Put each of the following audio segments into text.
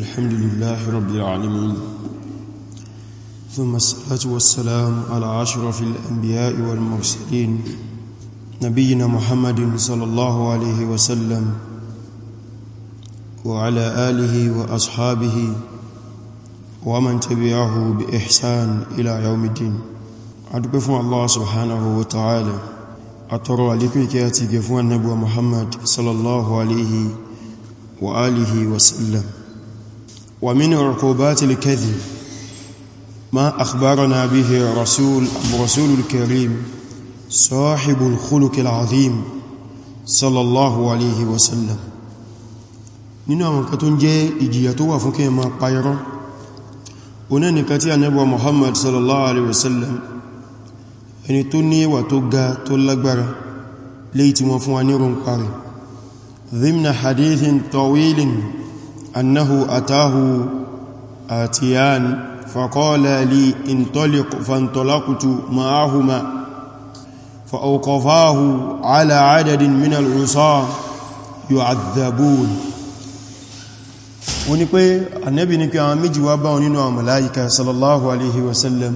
الحمد لله رب العالمين ثم الصلاة والسلام على أشرف الأنبياء والمرسلين نبينا محمد صلى الله عليه وسلم وعلى آله وأصحابه ومن تبعه بإحسان إلى يوم الدين أدبفوا الله سبحانه وتعالى أترى لكم كياتي فوان نبوة محمد صلى الله عليه وآله وسلم ومن عقوبات الكذب ما أخبرنا به رسول رسول الكريم صاحب الخلق العظيم صلى الله عليه وسلم nínú àwọn kan tó ń jẹ́ ìjìyà tó wà fún kí ẹmà pàírọ́ oní ẹnìkan tí a nẹ́bọ̀ Muhammad sallallahu alaihi wasallam ẹni tó ní ìwà tó ga tó lágbára léyìí tí wọ́n fún wa ní rùn parí dhimna hadithin tawilin أنه أتاه آتيان فقال لي انطلق فانطلقت معهما فأوقفاه على عدد من العصاة يعذبون wọ́n ní pé annabi ní pé àwọn méjì wá báwọn nínú àwọn màláíkà sallallahu alaihi wasallam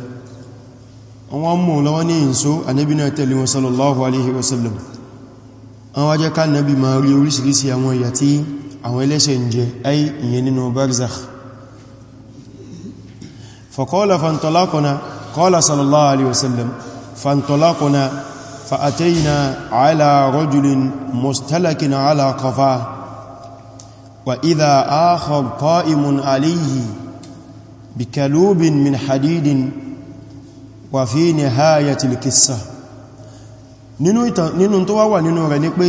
wọ́n mú lọ́wọ́ ní ìṣó annabi náà tẹ̀lé wọn sallallahu alaihi wasallam wọ́n wá ká annabi ma rí orísìírísìí àwọn ìyà àwọn ẹlẹ́ṣẹ̀ ń jẹ ayi ìyẹn nínú barzakh faqala fantalaqna qala sallallahu alaihi wasallam fantalaqna fa'atayna ala rajulin mustalakin ala qafa wa idha akhar qa'imun alayhi bikalubin min hadidin wa fi nihayati al-qissa nínú tó wá wà nínú rẹ̀ ni pé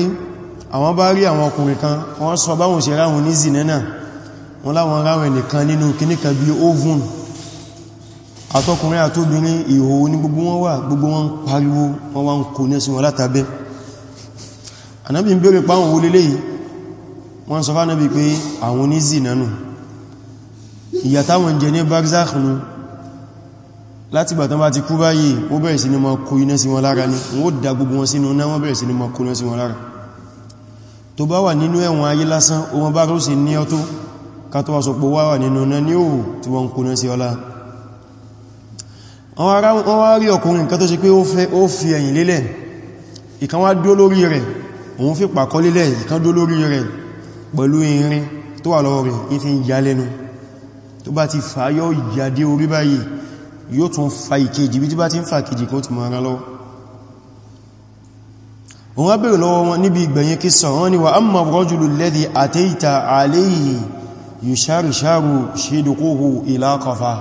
àwọn bá rí àwọn ọkùnrin kan wọ́n sọ báwọn ṣe ráwọn ní zì náà wọ́n láwọn ráwọn nìkan nínú kìníkan bí oven àtọkùnrin àtóbìnrin ìhò ní gbogbo wọn wà gbogbo wọn pariwo wọn wá ń kò ní ẹsìn wọn látàbẹ́ anábi ń bèèrè páwọn wo lélẹ́ yìí wọ́n sọ fánàbí pé àwọn onízì nánú ìyà láti gbàtán bá ti kú báyìí wọ́n bẹ̀rẹ̀ sí ni mọ́ kó iná sí wọn lára ní wọ́n dá gbogbo wọn sínú náà wọ́n bẹ̀rẹ̀ sí ni mọ́ kó iná sí wọn lára tó bá wà nínú ẹ̀wọ̀n ayé lásán ohun bá rú sí ní ọtó kátọ́wà sọ pé wà nínú náà ní òwò tí wọ́n kúnná sí ọlá wọ́n wá rí ọkùnrin kan tó ṣe pé ó fi ẹ̀yìn lélẹ̀ ìkan wá dó lórí rẹ̀ òun fi pàkọ́ lélẹ̀ ìkan dó lórí rẹ̀ pẹ̀lú irin tó wà lọ́wọ́ ní fi ń ya lẹ́nu tó bá ti fà yóò yàdé orí báyìí yóò tún fa ìkejì bí tí bá ti ń fa ìkejì kan ti mọ̀ ara lọ́wọ́ wọ́n bèèrè lọ́wọ́ wọn níbi ìgbẹ̀yìn kìsọ̀ wọ́n ni wa amma rajulu alladhi ataita alayhi yusharisharu shiduquhu ila qafa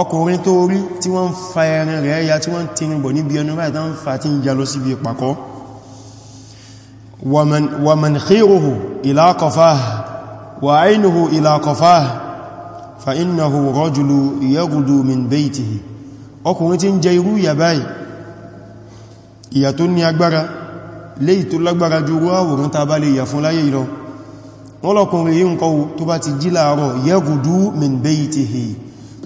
ọkùnrin tó rí tí wọ́n fa ẹran rẹ̀ ya tí wọ́n tinubọ̀ níbi ẹnu báyìí ìyà tó ní agbára léyìí tó lágbára ju owó àwòrán ta bá lè yà fún láyé ìlọ wọ́n lọ́kùnrin yìí ń kọ́ tó bá ti jí láàárọ̀ yagudu min baytihi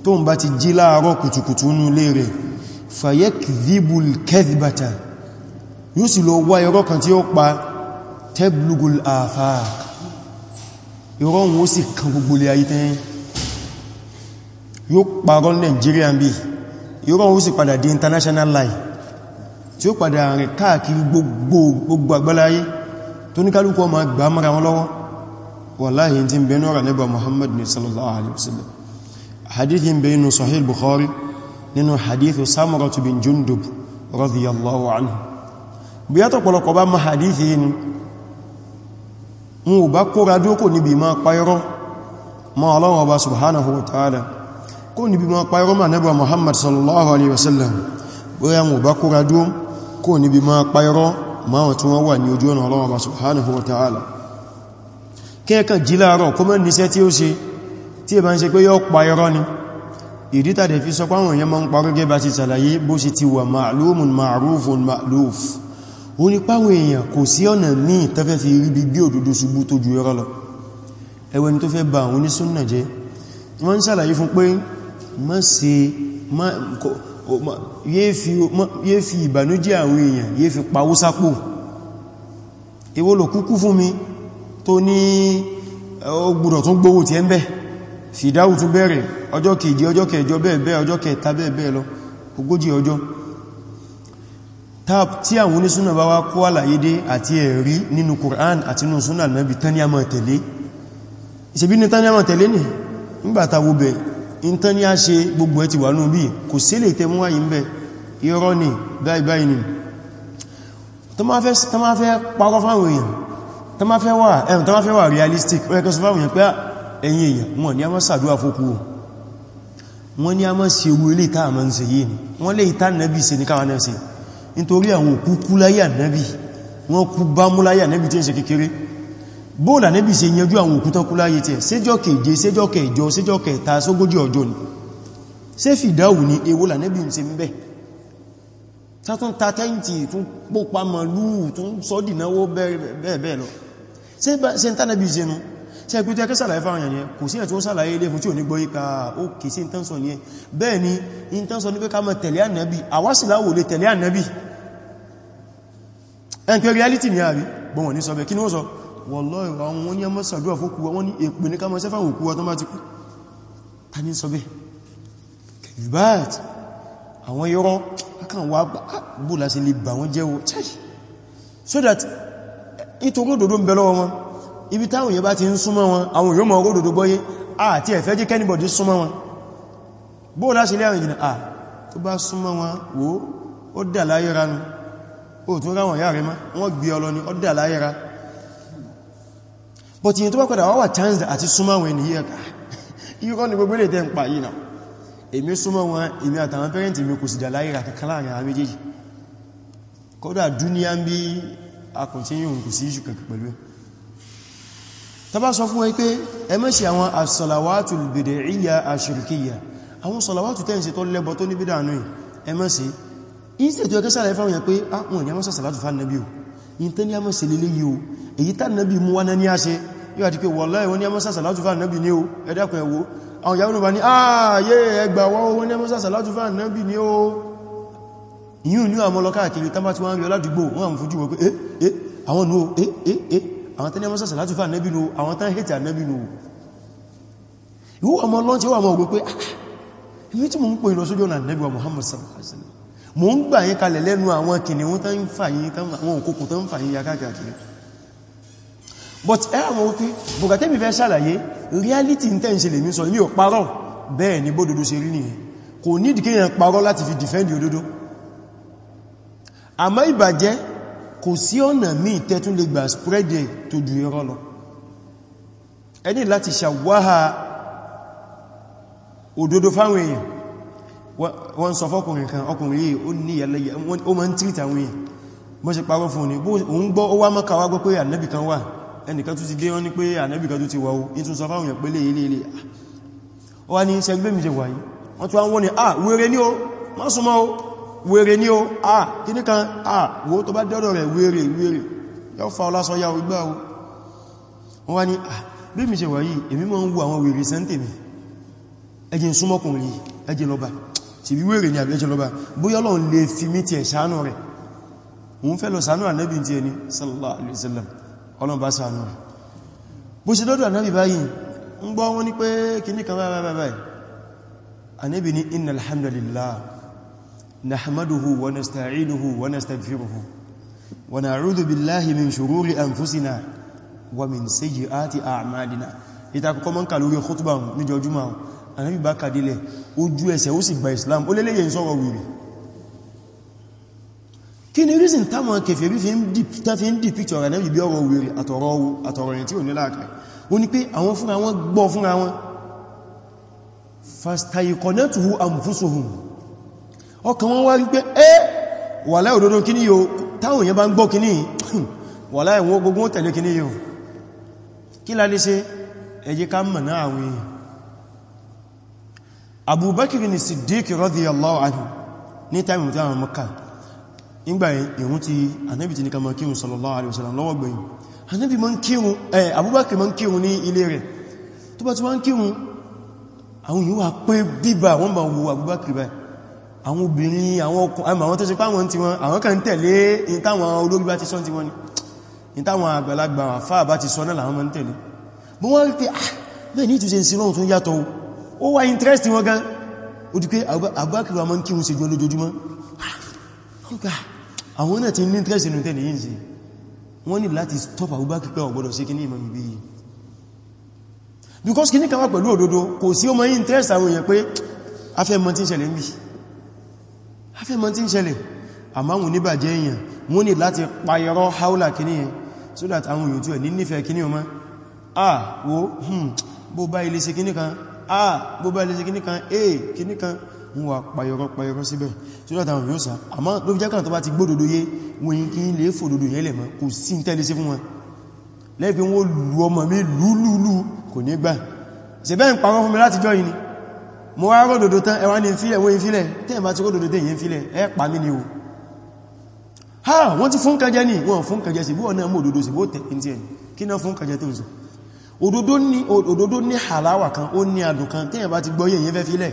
tó ń bá ti jí láàárọ̀ kùtùkùtù nú lé rẹ̀ fayakdhibul kadhbata yóò sì lọ tí ó padà rìn káàkiri gbogbo àgbáláyé tó ní kálùkù ọmọ àgbà mara wọn lọ́wọ́ wallahi tí ń bẹnu ọ̀rọ̀ nígbà Muhammad ní sallallahu alaihi wasallam hadith ń bẹnu Sahih Bukhari nínú hadith Samuratu bin Jundub radiyallahu anhu bí yàtọ̀ pọ̀lọpọ̀ bá ma hadith yìí ni wọn ò bá kóra dókò níbi ma payọ́rọ́ ma Ọlọ́run ọba subhanahu wa ta'ala kó níbi kò níbi máa pàírọ́ máwọn tí wọ́n wà ní ojú ọ̀nà Ọlọ́run Ọba subhanahu wa ta'ala kẹ́ẹ̀kan jí láàárọ̀ kó mọ́ níṣẹ́ tí ó ṣe tí ẹ bá ń ṣe pé yóò pàírọ́ ni ìdítàdẹ̀ fi sọ páwọn èèyàn máa ń parọ́ gẹ́bà ti sàlàyé bó sì ti wà ma'lumun ma'rufun yé fi ìbànújẹ́ àwọn èèyàn yé fi pawó sápò ìwọ ló kúkú fún mi tó ní ọgbùdọ̀ tún gbówó tí ẹ ń bẹ́ fìdáwù tún bẹ̀rẹ̀ ọjọ́ kejì ọjọ́ kẹjọ bẹ́ẹ̀bẹ́ ọjọ́ kẹta bẹ́ẹ̀bẹ́ lọ ogójì ọjọ́ tí àwọn onísúnà bá wá kó àlàyé dé àti ẹ̀rí nínú Qur'an àti nínú súnà náà bí tánìyàmọ̀ tẹ̀lé ìṣẹ́bí ní tánìyàmọ̀ tẹ̀lé ní nígbàtàwó bẹ̀ẹ̀ ìntán ní a ṣe gbogbo ẹ ti wà ní bí kò sí lè tẹ múwá yìí ń bẹ irọ́ ni báyìí ni tó máa fẹ́ parọ́ fáwọn èèyàn tó máa fẹ́ wà ẹ̀rùn tó máa fẹ́ wà realistic ẹ̀kọ́ sọ fáwọn èèyàn pé ah, ẹ̀yìn èèyàn wọ́n ni a máa ṣàdúrà fókú wọ́n ni a máa ṣe owó ilé ìta àmà ń ṣe yìí ni wọ́n lè ìta nẹ́bì ṣe ní káwọn náà ṣe nítorí àwọn òkú kú láyà nẹ́bì wọ́n kú bá mú láyà nẹ́bì tí ń ṣe kékeré bóòlà nẹ́bì ṣe yanjú àwọn òkútọ́ kú láyé tẹ́ séjọ́ keje séjọ́ kẹjọ séjọ́ kẹta sógójì ọjọ́ ni ṣé fìdáwù ni ewòlà nẹ́bì ṣe ń bẹ́ tátún ta tẹ́yìntì tún pópa màlú tún sọ́dì náwó bẹ́ẹ̀ lọ ṣe ń tánàbì ṣe nu ṣe pé tẹ́ kẹsàlàyé fáwọn èèyàn kò sí ẹ̀tún sàlàyé ilé fún tí ò ní gbọ́ ipa ó kè bẹ́ẹ̀ ni ìtànsọ ní pé ká wallahi àwọn wọ́n ní ẹmọ́ sàdúwà fókù wọ́n ní èpè ní kámọ́ sẹ́fà òkú wọ́n bá ti kú ta ní sọ bẹ́ kẹfìbáàtì àwọn yọ́rọ́ akàn wà bú lè bà wọ́n so that nítorí òdòdó ń bẹ lọ́wọ́ wọn ibi táwọn yẹ bá ti ń súnmọ́ wọn àwọn yóò mọ̀ òdòdó gbọ́yé àti ẹ̀fẹ́ jẹ́ kẹ́nìbọ̀dì súnmọ́ wọn bó láti lé àwọn ìjìnà à tó bá súnmọ́ wọn wò ó dà láyéra nu ó tún ráwọn yáà rí má wọ́n gbé ọlọ ni ó but yìí ah, tó bá padà wà chance àti súnmọ́ wọn ní ẹ̀kà irọ́ ni gbogbo èdè ń pa yìí náà èmi súnmọ́ wọn èmi àtàwọn pẹ́rẹ́ntì mi kò sì dàláyé rà kankan láàrin àwọn méjèèjì kódà dúníà ń bí akùntiyàn kò sí ìṣù kankan pẹ̀lú tá so sọ fún wọn pé ẹ má ṣe àwọn asọ̀làwátù bid'iyya àṣìríkíyà àwọn sọ̀làwátù tẹ́ ń ṣe tó lẹ́bọ tó ní bídà nù ẹ má ṣe ìsẹ̀tọ̀ ẹkẹ́sàlẹ̀ fáwọn yẹn pé àwọn ah, ìyàmọ́sàsàlátù fánàbí ò ìntẹ́ni àmọ́sẹ̀lélé yìí èyí tá nàbí mú wá ní àṣẹ yíò àti pé wallahi wọ́n ní ẹmọ́sá sàlátúfà nàbí ní o ẹ̀dàkùn ẹ̀wó àwọn ìyàwó ló bá ní ààyè ẹgbà wọ́n ní ẹmọ́sá sàlátúfà nàbí ní o yíò ní àwọn ọlọ́kà àkiri tábà tí wọ́n rí ọládùgbò wọ́n àwọn fojú wọ́n pé eh eh àwọn nù eh eh eh àwọn tán ní ẹmọ́sá sàlátúfà nàbí nù àwọn tán hẹ́tì ànàbí nù ìwọ ọmọ lọ́n ah, ah, ah, tí ó wà mọ́ ògbé pé ibi but ẹ̀rọ wípé bùgàtẹ́mì fẹ́ ṣàlàyé reality in intense lè mí sọ ní ò parọ́ bẹ́ẹ̀ ni bódodo ṣe rí nìyẹn kò ní ìdíkéyàn parọ́ láti fi defend òdodo àmọ́ ìbàjẹ́ kò sí ọ̀nà míì tẹ́tún lè gbà spread ẹ̀ tó ju irọ́ lọ ẹni láti ṣàwáhà òdodo fáwọn èèyàn wọ́n sọ fọ́kùnrin kan ọkùnrin yìí ó ní ìyàlẹ́yà ó ma ń tírìtà àwọn èèyàn mọ́ sí parọ́ fún òní bó ń gbọ́ ó wá mọ́kàwá gbọ́ pé ànábì kan wà ẹnìkan tún ti dé wọ́n ní pé ànábì kan tún ti wà ó in tún sọ fáwọn èèyàn pé lè ilé ilé ó wá ní iṣẹ́ gbé mi ṣe wà yìí wọ́n tún wọ́n ni à wèrè ní o má o wèrè ní o à kíní kan à wo tó bá dọ́dọ̀ rẹ̀ wèrè wèrè yóò fa ọlásọ yá ogbá o wọ́n wá ní à bí mi ṣe wà yìí èmi mọ́ ń wo àwọn wèrè sẹ́ntè mi ẹjẹ́ ń súnmọ́kùnrin yìí ẹjẹ́ lọ́ba sì bí wèrè ní sallallahu alaihi wasallam ọlọ́mbà sàánú bó ṣe lọ́dọ̀ ànábì báyìí ń gbọ́ wọn ní pé kìní kan báyìí ànábì ní inna alhamdulillah nahmaduhu wa nasta'inuhu wa nastaghfiruhu wa na'udhu billahi min shururi anfusina wa min sayyiati a'malina ita kọ́kọ́ mọ́ ń kà lórí khutbah ní jọjúmọ́ ànábì bá kàdílẹ̀ ojú ẹsẹ̀ ó sì gba islam ó lélẹ́yẹ̀ ń sọ́rọ̀ wìrì kí ni reason táwọn kèfèrí fi ń dì picture rẹ̀ náà bí ọ̀rọ̀ wèrè àtọ̀rọ̀ owó àtọ̀rọ̀ ẹ̀yìn tí ò ní láàkà ó ní pé àwọn fúnra wọn gbọ́ fúnra wọn fastaiqanatuhu anfusuhum ọkàn wọn wá rí pé ẹ́ wàláhì òdodo kíní yóò táwọn ni ìgbà ìrun ti anábì ti ní kama kírun sallallahu alaihi wasallam lọ́wọ́ gbẹ̀yìn anábì ma ń kírun ẹ̀ abúbákì ma ń kírun ní ilé rẹ̀ tó bá ti wá ń kírun àwọn yíò wà pé bíbà wọ́n bá wo abúbákì báyìí àwọn obìnrin àwọn ọkùnrin àwọn tó ṣe páwọn tí wọ́n àwọn kan tẹ̀lé ìtàwọn olórí bá ti sọ tí wọ́n ni ah bẹ́ẹ̀ ní ìtúnṣe sí lọ́run tó yàtọ̀ interest wọn gan ó di pé abúbákì wa ma àwọn náà ti ní interest inú tẹ́lẹ̀ yìí sí wọ́n ní láti stop àwúgbá kípẹ́ ọ̀gbọ́dọ̀ sí kíní ìmọ̀mí bí i because kíní kan wá pẹ̀lú òdodo kò sí ọmọ yí interest àwọn èèyàn pé afẹ́mọ́ tí ń ṣẹlẹ̀ ń bí afẹ́mọ́ tí ń ṣẹlẹ̀ àmáhùn níbàjẹ́ èèyàn wọ́n ní láti payọrọ haúlà kíní yẹn so that àwọn èèyàn tí ẹ̀ ní nífẹ̀ẹ́ kíní ọmọ ah wo hmm bó bá ilé sí kíní kan ah bó bá ilé sí kíní kan eh kíní kan ń wà payọrọ payọrọ síbẹ̀ tí ó dáwọn yóò sá àmọ́ ló fi jẹ́ kàn tó bá ti gbódòdó yé wọ́n yí kí lè fòdòdó yẹ́ lẹ̀ mọ́ kò sí ń tẹ́lẹ̀ sí fún wọn lẹ́bí wọ́n lù ọmọ mi lúlúlú kò ní gbà ṣe bẹ́ẹ̀ ń parọ́ fún mi láti jọ ìní mo wá ròdòdó tán ẹwà ní ìfilẹ̀ wọ́n ìfilẹ̀ tẹ́ẹ̀ bá ti ròdòdó tẹ́ yẹn ìfilẹ̀ ẹ pa mí ni o ha wọ́n ti fún kẹjẹ ní wọ́n fún kẹjẹ sí bó ọ̀nà mọ́ òdòdó sí bó tẹ̀ ní tiẹ̀ kí náà fún kẹjẹ tó ń sọ òdòdó ní hàláwà kan ó ní adùn kan tẹ́ẹ̀ bá ti gbọ́ yẹn yẹn fẹ́ filẹ̀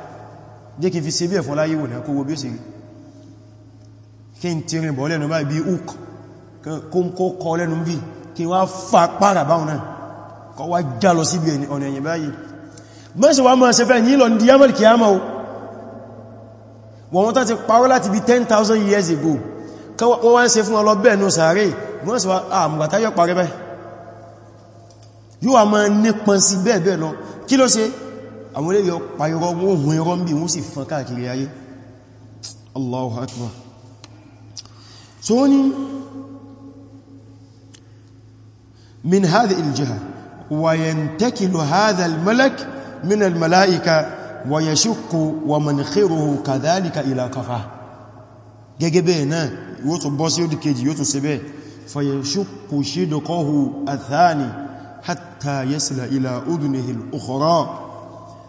jẹ́ kí fi ṣe bí ẹ̀fún láyé wò náà kó wo bí ó sì rí kí n ti rìn bọ̀ lẹ́nu báyìí bí hook kó kọ lẹ́nu bí kí wá fà pàrà báhùn náà kọ wá já lọ síbi ọ̀nà ẹ̀yìn báyìí years ago wọ́n wá ń ṣe fún ọlọ bẹ́ẹ̀ ní sàárè mẹ́sàn wá àmùgbàtá yọ parẹ́ báyìí yóò wá kí ló ṣe àwọn eléyọ pa irọ́ wọ́n hun irọ́ ń bí wọ́n sì fún káàkiri ayé Allahu akbar so ni min hadhi aljiha wa yantakilu hadha almalak min almalaika wa yashqu wa mankhiruhu kadhalika ila kafa gẹ́gẹ́ bẹ́ẹ̀ náà yóò tún bọ́ sí ó dìkejì yóò tún ṣe bẹ́ẹ̀ fa yashqu shidqahu athani hatta yasla ila udunihi al-ukhra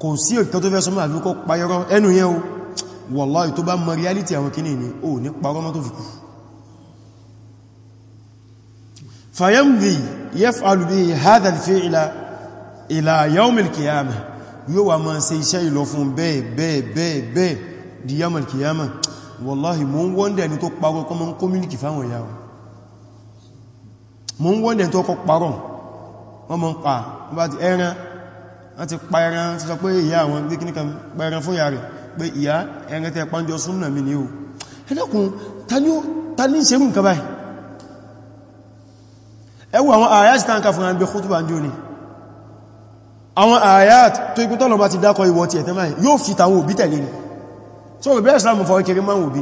kò sí òkìkan tó fẹ́ sọmọ́ àfikọ́ payọrọ ẹnu yẹn o wallahi tó bá mọ reality àwọn kìíní ni o ní parọ́ mọ́ tó fi kú fayamdi yaf'alu bi hadha al-fi'la ila yawm al-qiyamah yóò wà máa ṣe iṣẹ́ ìlọ fún bẹ́ẹ̀ bẹ́ẹ̀ bẹ́ẹ̀ bẹ́ẹ̀ di yawm al-qiyamah wallahi mo ń wọ́ndẹ̀ wọ́n ti pa ẹran ti sọ pé ìyá àwọn gbé kíníkan pa ẹran fún ìyá rẹ̀ pé ìyá ẹran tẹ́ pàájọ súnnà mi ni o ẹlẹ́kùn ta ní ìṣẹ́rù nǹkan báyìí ẹwọ àwọn àyàtì tán ká fún àgbẹ̀ kútùbà ń dúró ni àwọn àyàtì tó ikú tọ́lọ bá so bẹ̀rẹ̀ Islam fọ́ kéré máa òbí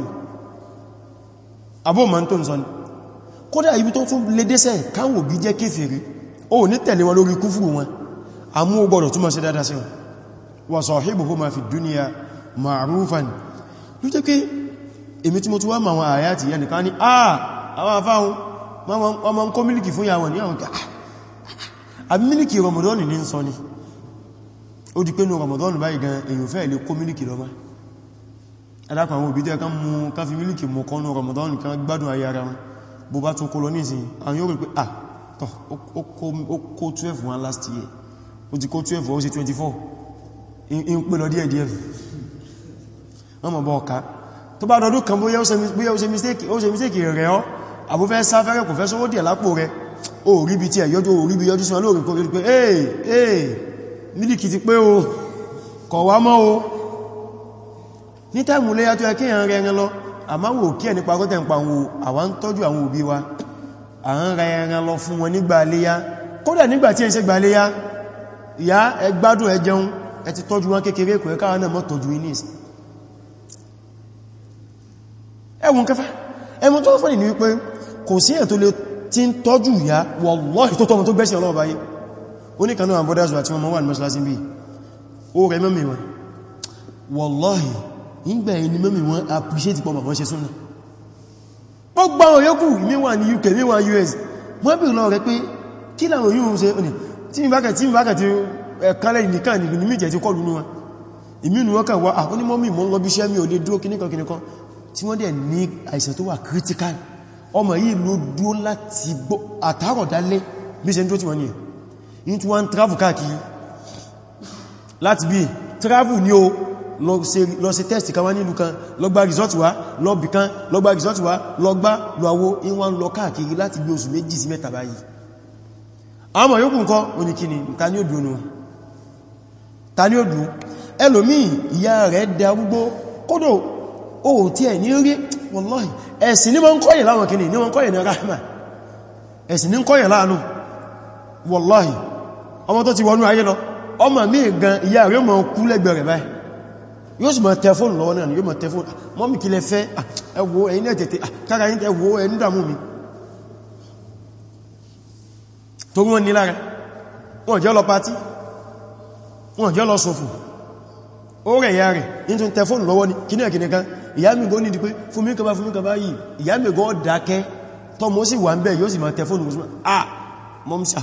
abó ma ń tó ń sọ ni kódà ibi tó tún lédésẹ̀ káwọn òbí jẹ́ kéfèrí ó amú gbọ́dọ̀ túnmọ̀ sí dáadáa sí wọn wà sahibuhuma fi dunya ma'rufan ló jẹ́ pé èmi tí mo túwá ma wọn àyà ti yẹnìká ní àà àwọn afáhun ọmọ ń kó mílìkì fún yàwọn ní àwọn ká àbí mílìkì Ramadan ní sọ ni ó di pé ní Ramadan báyìí gan èyàn fẹ́ ilé kó mílìkì lọ máa ẹ̀dàkùn àwọn òbí tẹ́ kan mú ká fi mílìkì mọ̀ kan ní Ramadan kan gbádùn ayé ara wọn bó bá tún kó lọ ní ìsìn àwọn yóò rí pé ah tán ó kó 12 wọn last year ó ti kó 12 ó sì 24 in pè lọ díẹ̀ díẹ̀ wọ́n mọ̀ bọ́ ọ̀ká tó bá dọdún kan bóyá ó ṣe mistake rẹ̀ ọ́ àbúfẹ́ sáfẹ́rẹ́ kò fẹ́ sówó díẹ̀ lápò rẹ̀ ó rí bí tí ẹ̀yọ́jú ó rí bí yọjú sí wọn lóòrìn kó rí pé ee ee mílìkì ti pé o kọ̀ wá mọ́ o ní táìmù léyà tó ẹkẹ́ ìyàn rẹ̀ ẹran lọ àmáwò kí ẹ̀ nípa gọ́tẹ̀ nípa àwọn àwọn ń tọ́jú àwọn òbí wa kódà nígbà tí ẹ̀ ṣe gbà léyà ìyá ẹgbádùn ẹjẹun ẹ ti tọ́jú wọn kékeré kò ẹkáwà náà mọ́ tọ́jú iní ẹwùn kẹfà ẹwùn tó fọ́nì ní wípé kò sí ẹ̀ tó lè tí ń tọ́jú ìyá wallahi tó tọ́mọ tó gbẹ́sì ọlọ́ọ̀bá yìí oníkanú àwọn brothers àti wọn wà ní mọ́sálásí bí ó rẹ wallahi ìgbà ẹni mẹ́mì wọn appreciate pọ̀ mọ̀ ṣe súnà gbogbo àwọn yókù mi wà ní US wọ́n bí lọ rẹ pé kí láwọn yóò ṣe tí mi bákẹ̀ tí mi bákẹ̀ tí ẹ̀kánlẹ̀ nìkan ní ìgbìnimí jẹ́ ti kọlù ní wọn ìmínú wọ́n kàn wá àkónímọ́mí mọ́ lọ́bí critical ọmọ yìí ló dúró láti gbọ́ àtàrọ̀ dálé bí ṣe ń dúró tí wọ́n ní ẹ̀ ní tí wọ́n travel káàkiri láti bí travel ní o lọ ṣe test kan wá nílùú kan lọ gba result wá lọ bì kan lọ gba result wá lọ gbá ìwọ̀n lọ káàkiri láti bí oṣù méjì sí mẹ́ta báyìí àwọn ọmọ yóò kún kọ́ oníkíni ta ní òdú nù ta ní òdú ẹlòmí ìyá rẹ̀ dẹ arúgbó kódò o tí ẹ̀ ní rí wallahi ẹ̀sìn ní mọ́ kọ́yẹ̀ láwọn kìíní ní wọ́n kọ́yẹ̀ ní rahma ẹ̀sìn ní kọ́yẹ̀ láàánú wallahi ọmọ tó ti ọmọ torí wọ́n ní lára wọ́n jẹ́ lọ patí wọ́n jẹ́ lọ sọ̀fù ó rẹ̀ ìyá rẹ̀ ní tún tẹ fóònù lọ́wọ́ ní kíní ẹ̀kìní kan ìyá mi gọ́ ní di pé fún mi kọba fún mi kọba yìí ìyá mi gọ́ dákẹ́ tọ́ mọ́ sí wà ń bẹ̀ yóò sì máa tẹ fóònù gọ́sùn ah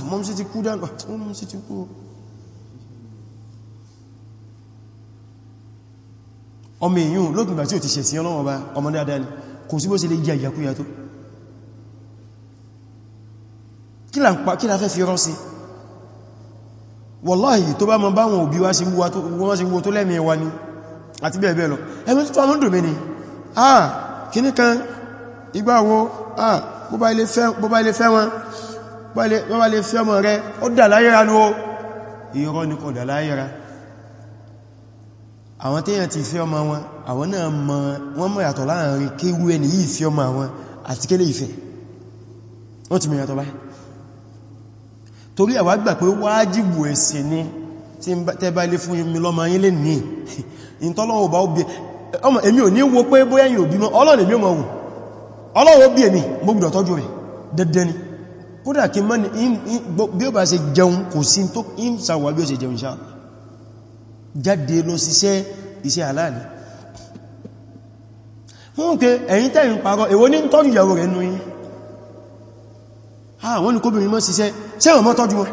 mọ́msí ti kú dánkọ̀ mọ́msí ti kú ọmọ èyàn lókùnbà tí ò ti ṣẹ̀sìn ọlọ́wọ́ bá ọmọdé adáni kò sí bó ṣe lè jẹ ìyàkúyà tó kí la fẹ́ fi rán sí wọ́láhì tó bá mọ báwọn òbí wá sí wúwo tó lẹ́mí ẹwà ni àti bẹ́ẹ̀ bẹ́ẹ̀ lọ ẹmí tó tọ́mọ́ dùn mí ni ah kìní kan ìgbàwo ah bọ́bá ilé fẹ́ wọn bọ́bá ilé fẹ́ mọ̀ rẹ ó dà láyéra ní ó irọ́ ní kọ̀ dà láyéra àwọn téèyàn ti fẹ́ ọmọ wọn àwọn náà mọ̀ wọ́n mọ̀ yàtọ̀ láàrin kéwú ẹni yìí fẹ́ ọmọ àwọn àti kélé ìfẹ́ wọ́n ti mọ̀ yàtọ̀ báyìí torí àwa gbà pé wájìbù ẹ̀sìn ni tí tẹ́ bá ilé fún mi lọ́mọ yín lè ní ìtọ́lọ́wọ́ bá ó bí ọmọ èmi ò ní wo pé bóyá yìí òbí mọ́ ọlọ́run èmi ò mọ̀ wù ọlọ́wọ́ bí èmi mo gbọ́dọ̀ tọ́jú rẹ̀ dẹ́dẹ́ ni kódà kí mọ́ ni bí ó bá ṣe jẹun kò sí tó ń sàwà bí ó ṣe jẹun ṣá jáde lọ síṣẹ́ iṣẹ́ aláàlì fún òkè ẹ̀yìn tẹ́yìn parọ́ èwo ní tọ́jú ìyàwó rẹ̀ nú yìí àwọn ah, ní kóbìnrin mọ́ síṣẹ́ ṣe wọ́n mọ́ tọ́jú wọn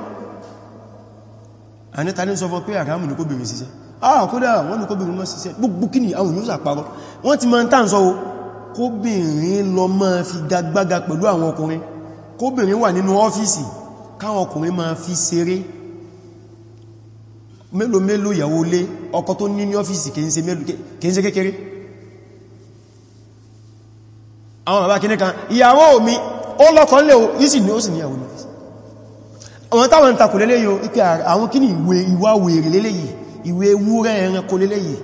àníta ní sọ fọ́ pé àrámù ní kóbìnrin síṣẹ́ ah kódà wọ́n ní kóbìnrin mọ́ síṣẹ́ gbogbo kí ni àwọn yóò sàparọ́ wọ́n ti ma ń tàn sọ́wọ́ kóbìnrin lọ máa fi gagbága pẹ̀lú àwọn ọkùnrin kóbìnrin wà nínú ọ́fíìsì káwọn ọkùnrin máa fi ṣeré mélòó mélòó ìyàwó lé ọkọ tó ní ní ọ́fíìsì kìí ṣe kékeré àwọn bàbá kìí kan ìyàwó mi ó lọ́kọ̀ ńlẹ̀ ìsì ni ó sì ní àwọn ní àwọn táwọn ń takò lélẹ́ yóò ipé àwọn kí ni ìwé ìwà wèrè lélẹ́ yìí ìwé ewúrẹ́ ẹranko lélẹ́ yìí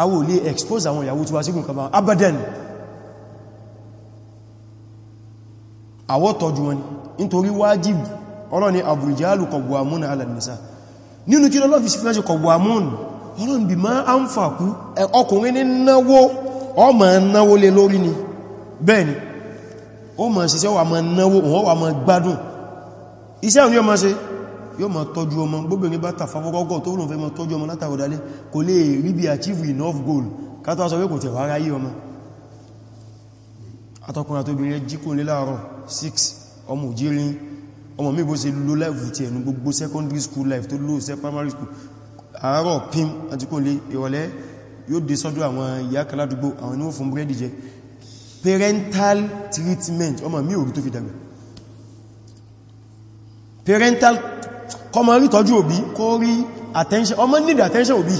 àwọn ò lè expose àwọn ìyàwó tí wá sígùn kan bá abadan àwọ́ tọ́jú wọn nítorí wájìbù ọlọ́ni àbùrìjálù kọ̀gbọ̀amúnà alànìsà nínú kí lọ́lọ́fi sí fínáṣẹ́ kọ̀gbọ̀amúnà ọlọ́n bí máa á ń fàkú ọkùnrin ní náwó ọmọ náwó lé lórí ni bẹ́ẹ̀ni ó máa ṣiṣẹ́ wà máa náwó wọ́n wà máa gbádùn iṣẹ́ òní ọmọ ṣe yóò máa tọ́jú ọmọ gbóbìnrin bá tàfàwọ́gọ́gọ́ tó rùn fẹ́ máa tọ́jú ọmọ látàrọ̀dálẹ́ kò lè rí bí achieve enough goal kátọ́ sọ pé kò tẹ̀wà ara yí ọmọ atọ́kùnrin àtóbìnrin jíkùn lé láàárọ̀ 6 ọmọ òjírin ọmọ mígbó ṣe ló láìfù tí ẹnu gbogbo secondary school life tó ló ṣe primary school àárọ̀ pim àtíkùn lé ìrọ̀lẹ́ yóò dé sọ́dọ̀ àwọn ìyá kaládùgbò àwọn oníwò fún búrẹ́dì jẹ parental treatment ọmọ mi ò rí tó fi dàgbà parental kọmọ rí tọ́jú òbí kó rí attention ọmọ need attention òbí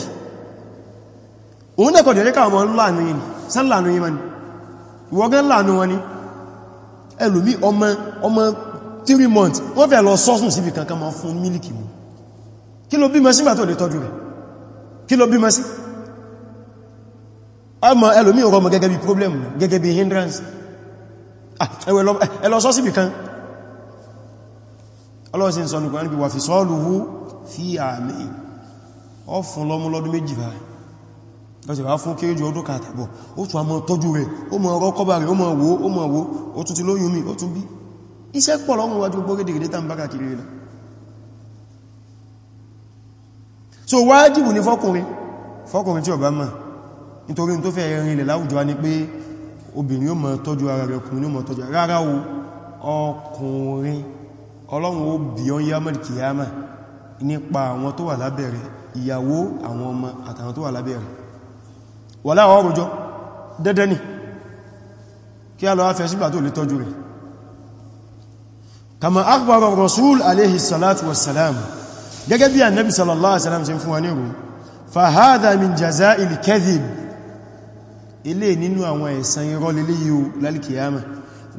òun nẹ́kọ̀ dẹ̀rẹ́kà ọmọ láàánú yìí sán láàánú yìí mani ìwọ̀gán láàánú wọn ni ẹlòmí ọmọ ọmọ 3 months wọ́n fẹ́ lọ sọ́sùn síbi kankan ma fún mílìkì mú kí ló bí mọ́ sí ọmọ ẹlòmí ọmọ gẹ́gẹ́ bí problem gẹ́gẹ́ bí hindrance ah, ẹlọ sọ́sí bì kan ọlọ́sí ń sọ nìkan níbi wà fi sọ́ọ̀lùwú fi àmì ọ fún lọ́mú lọ́dún méjì bá lọ́sí wá fún kéréjì ọdún kàtàbọ̀ ó tún àmọ́ tọ́jú rẹ̀ ó mọ̀ ọ̀rọ̀ kọ́bà rẹ̀ ó mọ̀ wó ó mọ̀ wó ó tún ti lóyún mi ó tún bí iṣẹ́ pọ̀ lọ́rùn wájú gbórédèrédé tàn bá kàkiri rẹ̀ so wájìbù ní fọ́kùnrin fọ́kùnrin tí ó bá máa nítorí tó fẹ́ rìn ilẹ̀ láwùjọ wa ni pé obìnrin yóò máa tọ́jú ara rẹ̀ ọkùnrin yóò máa tọ́jú rárá o ọkùnrin ọlọ́run ó bí ọ́n yámọ̀lì kìyàmà nípa àwọn tó wà lábẹ́ rẹ̀ ìyàwó àwọn ọmọ àtàwọn tó wà lábẹ́ rẹ̀ wà láwọn ọrùjọ dẹ́dẹ́ ni kí a lọ afẹ́ sígbà tó lè tọ́jú rẹ̀ kama akhbara rasul alayhi salatu wassalam gẹ́gẹ́ bí annabi sallallahu alaihi wasallam ṣe fún wa ní ru fa hadha min jaza'il kadhib ilé nínú àwọn ẹ̀san irọ́ lélé yíò lálìkìyàmà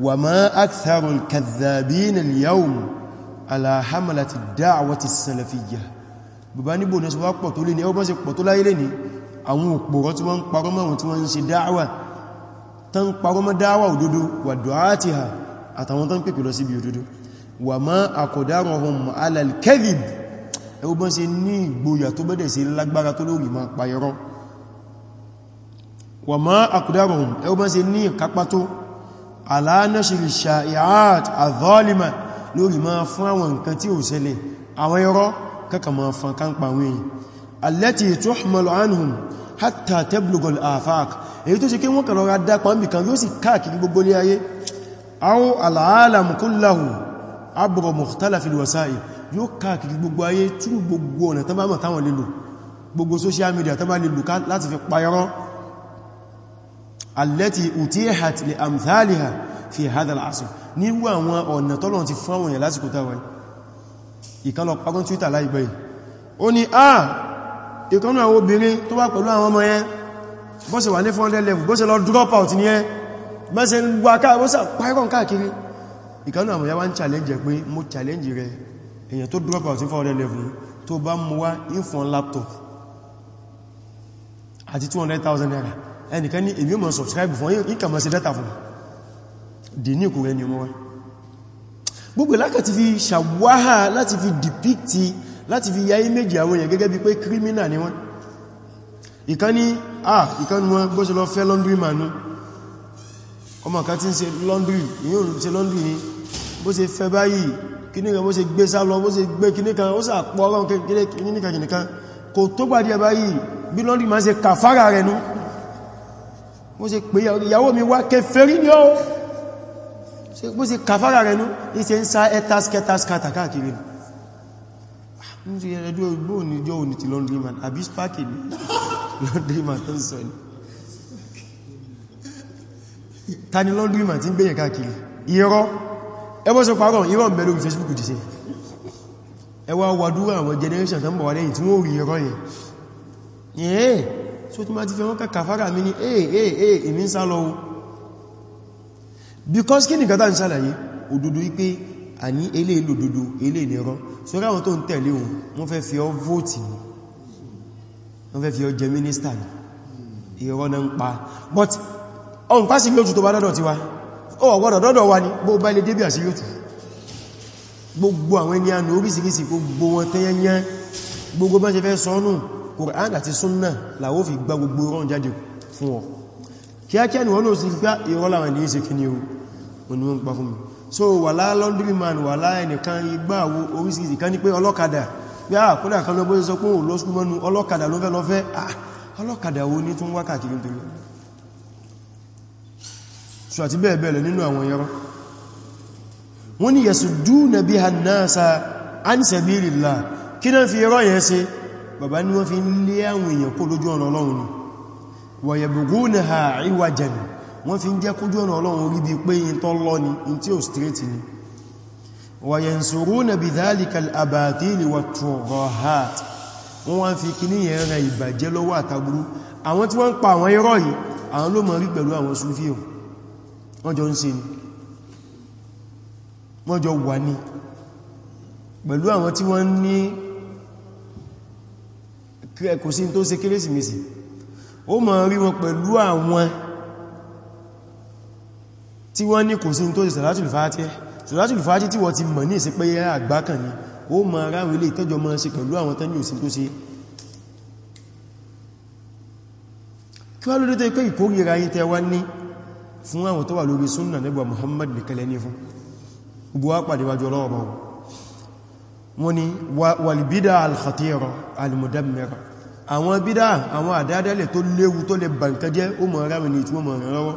wà má aktharul kadhabin al-yawm ala hamalati da'wati salafiyya bàbá níbò ní ṣubá pọ̀ tó lé ní ọgbọ́n sí pọ̀ tó láyé lé ní àwọn òpòrọ tí wọ́n ń parọ́ mọ́rún tí wọ́n ń ṣe dáwà tán parọ́ mọ́ dáwà òdodo wà dọ́átì ha àtàwọn tán pèpè lọ sí ibi òdodo wà má àkọ̀dárọ̀hùn alal kadhib ẹgbọ́n sí ní ìgboyà tó bẹ́dẹ̀ sí wà máa àkùdárùn ẹgbọ́n ṣe ní ìkápátó aláàánáṣìrì ṣàìyàt àzọ́ọ̀lìmà lórí máa fún àwọn nǹkan tí ò ṣẹlẹ̀ àwọn irọ́ kaka máa fún kánpa wíyìn allati tuhmalu anhum hatta tablugha al-afaq èyí yóò káàkiri gbogbo ayé aw gbogbo ọ̀nà tán bá mọ̀ táwọn lè lò gbogbo social media tán bá lè lò láti fi payọ́rọ́ التي أتيحت لأمثالها في هذا العصر نيو àwọn ọ̀nà t'Ọlọ́run ti fún àwọn èèyàn lásìkò tá wà ìkan lọ pagun Twitter láì bẹ́ẹ̀ ó ní ah ìkan náà obìnrin tó wà pẹ̀lú àwọn ọmọ yẹn bó ṣe wà ní 400 level bó ṣe lọ drop out ní yẹn bó ṣe wà ká bó ṣe pyron káàkiri ìkan náà mo ya wá ń challenge pé mo challenge rẹ̀ èèyàn tó drop out ní 400 level tó bá mú wá info laptop àti 200,000 naira ẹnìkan ní èmi mọ̀ subscribe fún ìkà mọ̀ sí data fún dì ní ìkò rẹ̀ ni wọ́n gbogbo lákà ti fi ṣàwáhà láti fi depict láti fi yáyé méjì àwọn èèyàn gẹ́gẹ́ bí pé criminal ni wọ́n ìkan ní ah ìkan ní wọ́n gbọ́sẹ̀ lọ fẹ́ laundry man ọmọ kan tí ń ṣe laundry ni bó ṣe fẹ́ báyìí kíníkan bó ṣe gbé sá lọ bó ṣe gbé kíníkan ó sàpọ̀ ọ̀rọ̀ kíníkan kíníkan kò tó gbàdí ẹ báyìí bí laundry man mo ṣe pé ìyàwó mi wá kèfèrí ní ọ́ mo ṣe kàfàrà rẹ̀ ní ìṣe ń sa ẹtas kẹtas kàtà káàkiri ní ah, ṣe ẹjọ́ ìgbò níjọ́ òní ti laundryman àbí spákì ní laundryman tó ń sọ ní ta ni laundryman ti ń gbẹ̀yẹ̀ káàkiri irọ́ ẹwọ́ sọ parọ́ irọ́ ń bẹ lórí Facebook dì sí ẹwà wàdúrà àwọn generation tó ń bọ̀ wà lẹ́yìn tí wọ́n rí irọ́ yẹn so tí ma ti fi wọ́n kàfàrà mi ní èèèè èmi ń sá lọ o because kí ni kàtà ń sàlàyé òdodo wípé a ní elé lòdodo elé ìnirọ́ so ráwọn tó ń tẹ̀lé ohun wọ́n fẹ́ fi ọ vóòtì wọ́n fẹ́ fi ọ jẹ mínísítà but ọ̀n pàṣí yóò tó bá dọ́dọ̀ ti wa ó ọ̀gbọ́dọ̀ dọ́dọ̀ wa ni bó bá ilé débì àṣí yóò tù gbogbo gbogbo bá ṣe fẹ́ sọ́nù Kùránì àti súnnà làwó fi gba gbogbo rán jáde fún ọ kíákíá ni wọ́n ló sì gbá ìrọ́lá wọn ní ìṣe kí ni o ni wọ́n ń pa fún mi so wà láà laundry man wà láà ẹnìkan igbá àwọ orísìí kan ní pé ọlọ́kadà bí a ah, kódà kan lọ bó sọ pé òun lọ́sùn mọ́nu ọlọ́kadà ló fẹ́ lọ fẹ́ ah, ọlọ́kadà wo ní tún wákàkiri nítorí so àti bẹ́ẹ̀ kí náà fi yọrọ yẹn ṣe bàbá ní wọ́n fi ń lé àwọn èèyàn kó lójú ọ̀nà ọlọ́run ni wa yabghunaha iwajan wọ́n fi ń jẹ́ kójú ọ̀nà ọlọ́run rí bí pé yìí tó lọ ni in tí ó straight ni wa ń fi kí níyẹn rẹ̀ pẹ̀lú àwọn tí wọ́n ní kò sí tó ṣe kérésìmesì ó máa rí wọn pẹ̀lú àwọn tí wọ́n ní kò sí tó ṣe sàlátùlù fàátì sàlátùlù fàátì tí wọ́n ti mọ̀ ní ìsìnkú àgbákan ni ó máa ráwẹ̀ ilé ìtẹ́jọ máa ṣe pẹ̀lú àwọn tán ní òsìn tó ṣe kí wá lórí tó pé ìkórìíra yí tẹwa ní fún àwọn tó wà lórí wọ́n ni walbida alkhatira almudammira àwọn bídá àwọn àdádálẹ̀ tó léwu tó lè bà nǹkan jẹ́ ó mọ̀ ara mìí tí wọ́n mọ̀ rán lọ́wọ́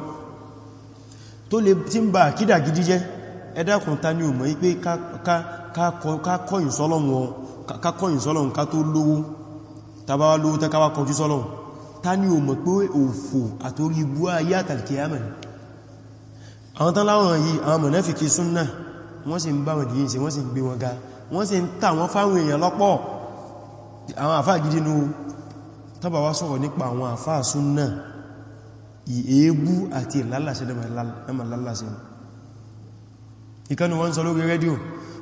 tó lè tí ń bà kídà gidi jẹ́ ẹ̀dàkùn ta ní ò mọ̀ wípé kákọ́yìn sọ́lọ́run ká tó lówó tàbá lówó tẹ́ káwà kọjú sọ́lọ́run ta ní ò mọ̀ pé òfò àtórí ibú ayé àtàlìkìyàmẹ̀ àwọn tán láwọn yìí àwọn mọ̀nẹ́fìkì súnnà wọ́n sì ń bá wọn dìyìn sí wọ́n sì ń gbé wọn ga wọ́n sì ń tà wọ́n fáwọn èèyàn lọ́pọ̀ àwọn àfáà gidi nú tọ́bà wá sọ̀rọ̀ nípa àwọn àfáà súnnà ìyẹ́gbú àti ìlálàṣẹ́ lẹ́mà lálàṣẹ́ ìkanu wọ́n sọ lórí rédíò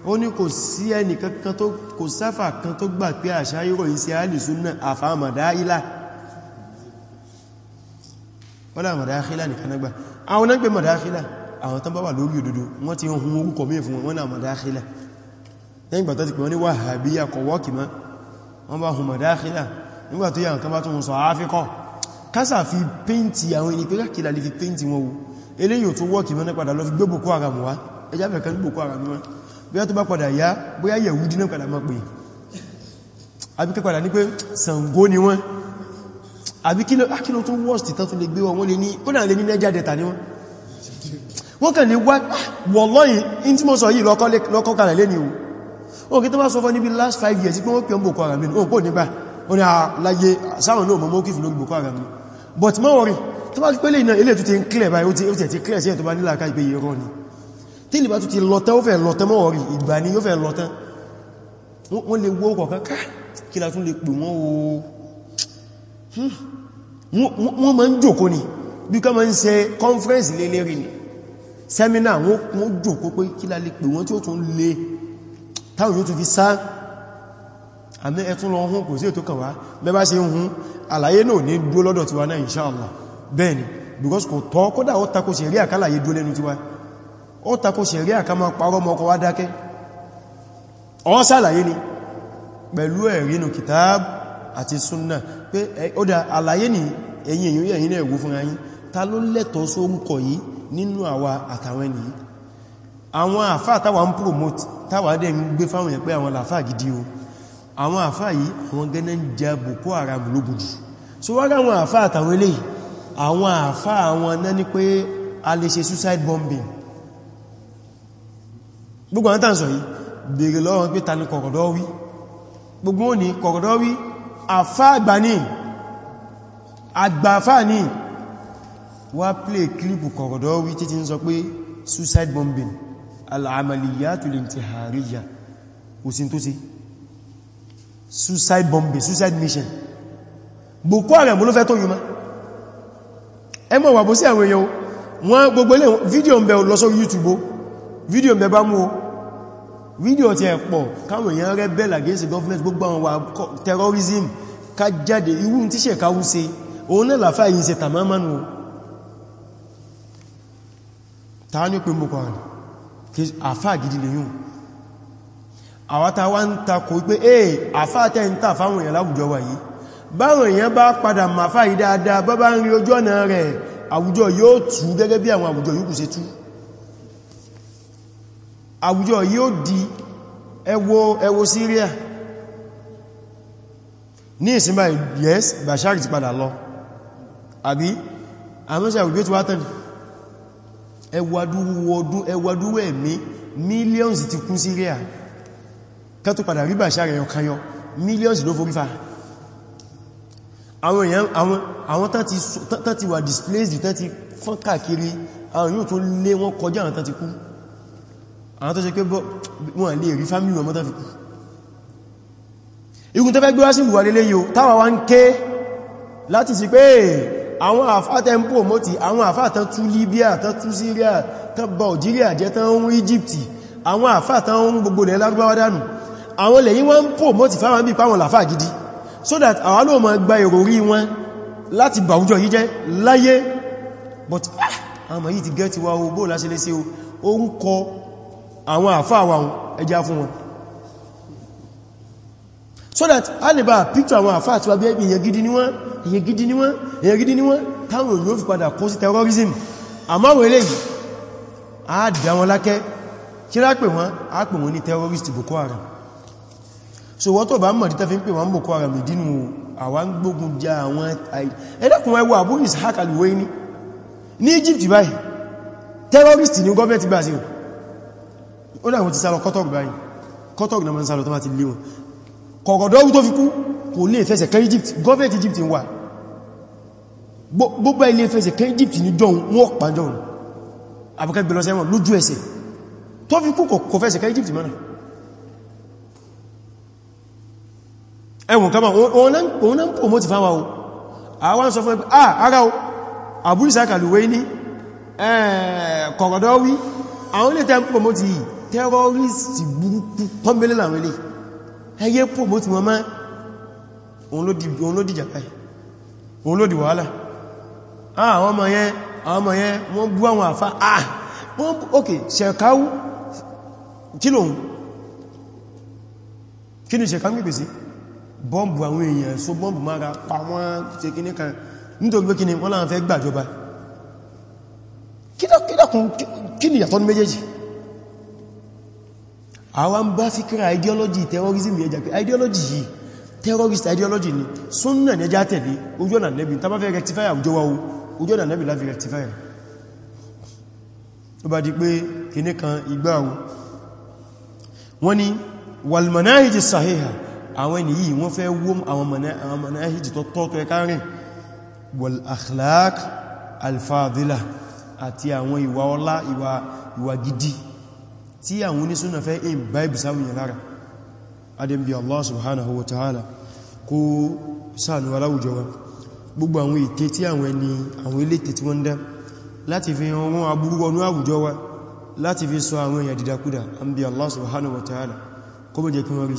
ó ní kò sí ẹni kankan tó kò sáfà kan tó gbà pé àṣà ìrọ̀ iṣẹ́ àlì súnnà àfàmàdá ilá wọ́n láàmàdá àkílà nìkan nágbà àwọn náà gbé màdá àkílà àwọn tán bá wà lórí òdodo wọ́n ti hun orúkọ mí fún wọn náà màdá àkílà nígbàtà ti pè wọ́n ní wàhábíyà kọ̀ wọ́kì mọ́ wọ́n bá hùn mọ̀dáhílà nígbàtà yà nǹkan bá tún sọ àáfíkọ́ kásà fi pẹ́ntì àwọn ẹni pé kàkìlà lè fi pẹ́ntì wọn wò eléyìí tó wọ́kì mọ́ nípadà lọ fi gbé Boko Haram wá ẹjá fẹ̀ kan Boko Haram wá bóyá tó bá padà yá bóyá Yẹ̀húdí náà padà mọ́ pé àbí kí padà ní pé Ṣàngó ni wọ́n àbí kí ló tó ah, worst tán tún lè gbé wọn wọ́n lè ní ó náà lè ní Niger Delta ni wọ́n wọ́n kàn ní wọ́lọ́yìn ah, tí mo sọ yìí lọ́kọ́ kalẹ̀ lé ni o òkè tó bá sọ fọ́ níbi last five years pé wọ́n pè ń Boko Haram ní òpó nígbà wọ́n ni àlàyé sáwọn náà mọ́mọ́ kìfì lórí Boko Haram ní but mọ́ wọ́rí tó bá pẹ́lẹ̀ iná ilé tó ti ń clear báyìí ó ti ti clear sí ẹ̀ tó bá nílà ká ìgbé yẹ rọ́ni tí ìlú bá tó ti lọ́tẹ́ ó fẹ́ lọ́tẹ́ mọ́ wọ́rí ìgbà ni yóò fẹ́ lọ́tẹ́ wọ́n lè wó ọkọ̀ ká kí la tún lè pè wọ́n o hmm. wọ́n máa ń jòkó ni bí ká máa ń ṣe conference lélẹ́rìí ni seminar wọ́n jòkó pé kí la lè pè wọ́n táwọn yóò tún fi sá àmì ẹ̀tún lọ hún kò sí ètò kàwá mẹ́bá ṣe ń hún àlàyé náà ní dúó lọ́dọ̀ tiwa náà insha bẹ́ẹ̀ni because kò tọ́ kódà ó takò ṣẹ̀rí àkálàyé dúó lẹ́nu tiwa ó takò ṣẹ̀rí àkámọ́ parọ́ mọ́kọ wá kitab àti sunna pé ó dá àlàyé ni ẹ̀yin èyàn ẹ̀yin náà wò fúnra yín ta ló lẹ́tọ̀ọ́ sórúkọ yìí nínú àwọn àfáà táwà ń promote táwàdẹ̀ ń gbé fáwọn yẹn pé àwọn làfáà gidi o àwọn àfáà yìí àwọn gẹ́nẹ́ ń jẹ boko haram lógun jù so wára àwọn àfáà àtàwọn eléyìí àwọn àfáà àwọn náà ní pé a lè ṣe suicide bombing gbogbo àwọn tàǹsọ̀ yìí bèèrè lọ́wọ́n pé ta ni kọ̀kọ̀dọ́wí gbogbo wọn ni kọ̀kọ̀dọ́wí àfáà àgbà ní àgbà àfáà ní wá play clip kọ̀kọ̀dọ́wí títí ń sọ pé suicide bombing al-amaliyatu al-intihariya òsìn tó sí suicide bombing suicide mission Boko Haram ló fẹ́ tó yíma ẹ mọ̀ wà bó sí àwọn èèyàn wọ́n gbogbo ilé fídíò ń bẹ lọ sórí YouTube fídíò ń bẹ bá mú o fídíò ti ẹ̀pọ̀ káwọn èèyàn rebel against government gbogbo àwọn wà terrorism ká jáde irú tí ṣe káwú se òun náà làfáà yìí se tàmámánu ta ní pé Boko Haram àfáà gidi lè yùn àwátá wá ń takò pé eh àfáà tẹ́ ń tà fáwọn èèyàn láwùjọ wà yìí báwọn èèyàn bá padà màfá yìí dáadáa bá bá ń rí ojú ọ̀nà rẹ̀ àwùjọ yóò tú gẹ́gẹ́ bí àwọn àwùjọ yóò kù ṣe tú àwùjọ yóò di ẹwọ ẹwọ Syria ní ìsinmi yes Bashar ti padà lọ àbí àmọ́sí àwùjọ tí wá tẹ́lẹ̀ ẹwàdúwọ́ ẹ̀mí millions ti kún Syria kẹtù padà rí Bashar ẹ̀yọkanyọ millions ló forífà àwọn èèyàn àwọn tán ti wà displaced tán ti fọ́n káàkiri àwọn yóò tó lé wọn kọjá àwọn tán ti kú àwọn tó ṣe pé wọ́n lè rí family wọn mọ́tàfikú ikun tó fẹ́ gbé wá sí ìwà lélẹ́yìí táwà wá àwọn àfáàtẹ́ ń pò mọ́tí àwọn àfáàtẹ́ tú Libya tán tú Syria tán bá Algeria jẹ́ tán ń Egypt àwọn àfáàtẹ́ ń gbogbo ilẹ̀ Lárúbáwá dànù àwọn lẹ́yìn wọ́n ń pò mọ́tí fáwọn bí pàwọn làfá gidi so that àwọn ló ma gba ìròrí wọn láti bàwújọ yí jẹ́ láyé but ah àmà yìí ti gẹ́ ti wá ogbó láṣẹ́lẹ́sẹ́ o ó ń kọ àwọn àfáà wa ẹja fún wọn so that a lè bá picture àwọn àfáà tí wà bí èyàn gidi ni wọ́n èyàn gidi ni wọ́n èyàn gidi ni wọ́n táwọn yóò fi padà kó sí terrorism àmọ́wọ̀ eléyìí a dá wọn lákẹ́ kí lá pè wọ́n a pè wọ́n ní terrorist Boko Haram so wọ́n tó bá mọ̀ dítẹ́ fi ń pè wọ́n Boko Haram ìdínú àwọn gbógun já àwọn ẹ̀dẹ́kùn ẹwọ Abu Ishaq al-Wayni ní Egypt báyìí terrorist ni government Brazil ó dáwọn ti sálọ Qatar báyìí Qatar náà ma ń sálọ tó bá ti kọ̀gọ̀dọ́wú tó fi kú kò lè fẹsẹ̀ kan Egypt government Egypt ń wà gbogbo ilé fẹsẹ̀ kan Egypt ní john wọ́n pa john àbúkẹ́ gbẹ̀lọ sẹ́wọ̀n lójú ẹsẹ̀ tó fi kú kò fẹsẹ̀ kan Egypt mọ́nà ẹwọ̀n kama òun náà pò mọ́ ti fáwà o àwọn sọ fún ẹgbẹ̀ ah ara o àbúrísà kàlùwé ní kọ̀gọ̀dọ́wí àwọn ilé tẹ́ pò mọ́ ti terrorist burúkú pọ́mbélé làwọn eléyìí ẹyẹ promote wọn máa òun ló dìjà káì òun ló di wàhálà ah, àwọn ọmọ yẹn àwọn ọmọ yẹn wọ́n bú àwọn àfá ah ok ṣẹ̀káwú kí lòun kí ni ṣẹ̀káwú gbègbè bọ́m̀bù àwọn èèyàn so bọ́m̀bù mara pa wọ́n kí àwa ń bá fíkíra ideology terrorism yẹjà pé ideology yìí terrorist ideology ni súnnà ní ẹjá tẹ̀lé ojú ọ̀nà nẹ́bí tàbá fẹ́ rectifier àwùjọ wa ojú ọ̀nà nẹ́bí láfi rectifier tó bá di pé kìní kan igbá o wọ́n ni walmanahiji sahiha àwọn ènìyàn yìí wọ́n fẹ́ wó àwọn manahiji tó tọ́tọ́ ẹkárin wal akhlaq alfadila àti àwọn ìwà ọlá ìwà gidi tí àwọn onísúnà fẹ́ in bible sáwọn yàlára adẹ́bí Allah subhanahu wa ta'ala kó ṣàánú aláwùjọ wa gbogbo àwọn ète tí àwọn ẹni àwọn eléte tí wọ́n dá láti fi hàn wọ́n aburú wọnú àwùjọ wa láti fi sọ àwọn èèyàn dìdakúdà an bí Allah subhanahu wa ta'ala kó mọ́ jẹ́ kí wọ́n rí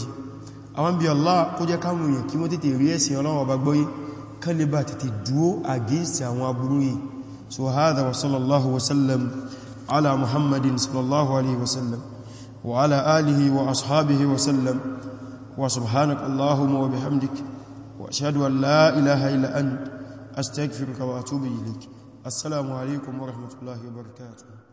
àwọn bí Allah kó على محمد صلى الله عليه وسلم وعلى آله وأصحابه وسلم وسبحانك اللهم وبحمدك وأشهد أن لا إله إلا أنت أستغفرك وأتوب إليك السلام عليكم ورحمة الله وبركاته